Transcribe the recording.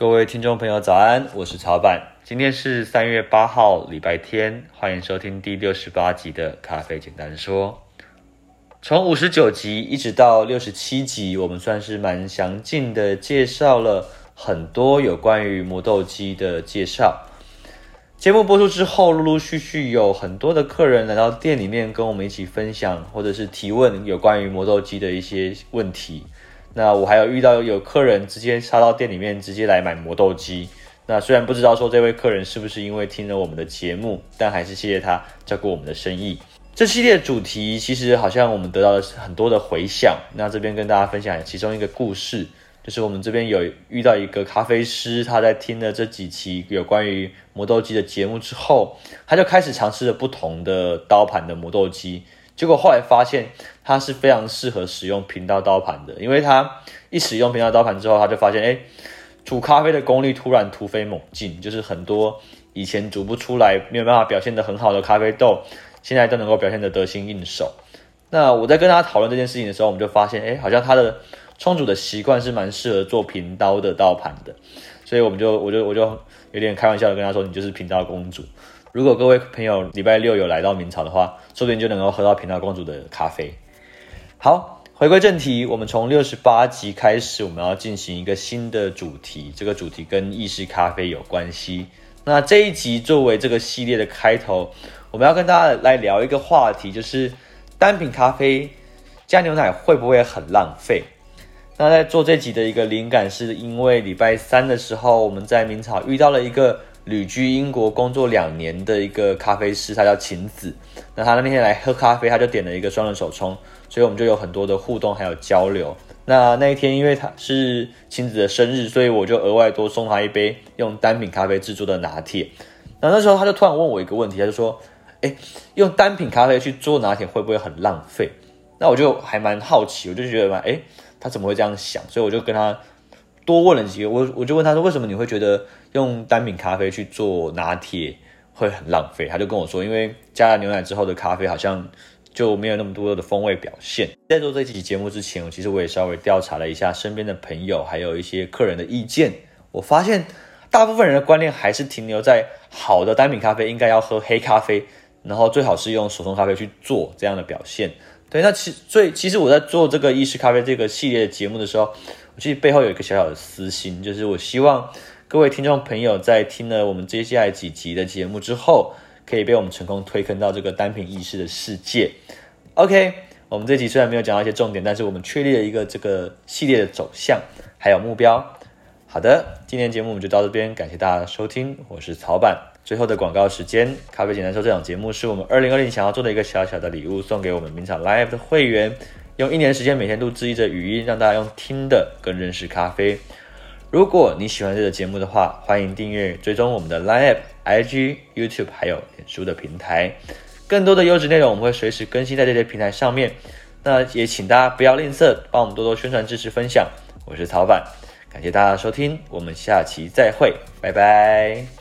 各位聽眾朋友，早安！我是曹板，今天是三月八號，禮拜天，歡迎收聽第六十八集的《咖啡簡單說》。從五十九集一直到六十七集，我們算是蠻詳盡的介紹了很多有關於磨豆機的介紹。節目播出之後，陸陸續續有很多的客人來到店裡面跟我們一起分享，或者是提問有關於磨豆機的一些問題。那我還有遇到有客人直接殺到店裡面直接來買磨豆機，那雖然不知道說這位客人是不是因為聽了我們的節目，但還是謝謝他照顧我們的生意。這系列主題其實好像我們得到了很多的回響，那這邊跟大家分享其中一個故事，就是我們這邊有遇到一個咖啡師，他在聽了這幾期有關於磨豆機的節目之後，他就開始嘗試着不同的刀盤的磨豆機。結果後來發現，他是非常適合使用平刀刀盤的，因為他一使用平刀刀盤之後，他就發現，哎、欸，煮咖啡的功力突然突飛猛進，就是很多以前煮不出來、沒有辦法表現得很好的咖啡豆，現在都能夠表現得得心應手。那我在跟他討論這件事情的時候，我們就發現，哎、欸，好像他的沖煮的習慣是蠻適合做平刀的刀盤的，所以我們就我就我就有點開玩笑的跟他說，你就是平刀公主。如果各位朋友禮拜六有來到明朝的話，說不定就能夠喝到平娜公主的咖啡。好，回歸正題，我們從六十八集開始，我們要進行一個新的主題，這個主題跟意式咖啡有關係。那這一集作為這個系列的開頭，我們要跟大家來聊一個話題，就是單品咖啡加牛奶會不會很浪費？那在做這集的一個靈感，是因為禮拜三的時候我們在明朝遇到了一個。旅居英國工作兩年的一個咖啡師，他叫晴子。那他那天來喝咖啡，他就點了一個雙人手沖，所以我們就有很多的互動還有交流。那那一天因為他是晴子的生日，所以我就額外多送他一杯用單品咖啡製作的拿鐵。那那時候他就突然問我一個問題，他就說：“欸，用單品咖啡去做拿鐵會不會很浪費？”那我就還蠻好奇，我就覺得嘛，哎，欸，他怎麼會這樣想？所以我就跟他。多問了幾個，我我就問他說：“為什麼你會覺得用單品咖啡去做拿鐵會很浪費？”他就跟我說：“因為加了牛奶之後的咖啡好像就沒有那麼多的風味表現。”在做這期節目之前，我其實我也稍微調查了一下身邊的朋友，還有一些客人的意見。我發現大部分人的觀念還是停留在好的單品咖啡應該要喝黑咖啡，然後最好是用手沖咖啡去做這樣的表現。對，那其最其實我在做這個意式咖啡這個系列節目的時候。其實背後有一個小小的私心，就是我希望各位聽眾朋友在聽了我們接下來幾集的節目之後，可以被我們成功推坑到這個單品義式的世界。OK，我們這集雖然沒有講到一些重點，但是我們確立了一個這個系列的走向，還有目標。好的，今天的節目我們就到這邊，感謝大家的收聽，我是曹板。最後的廣告時間，咖啡簡單說，這檔節目是我們二零二零想要做的一個小小的禮物，送給我們明場 Live 的會員。用一年時間，每天錄製一則語音，讓大家用聽的更認識咖啡。如果你喜歡這個節目的話，歡迎訂閱、追蹤我們的 Line App、IG、YouTube 還有臉書的平台。更多的優質內容，我們會隨時更新在這些平台上面。那也請大家不要吝嗇，幫我們多多宣傳、支持、分享。我是曹板，感謝大家收聽，我們下期再會，拜拜。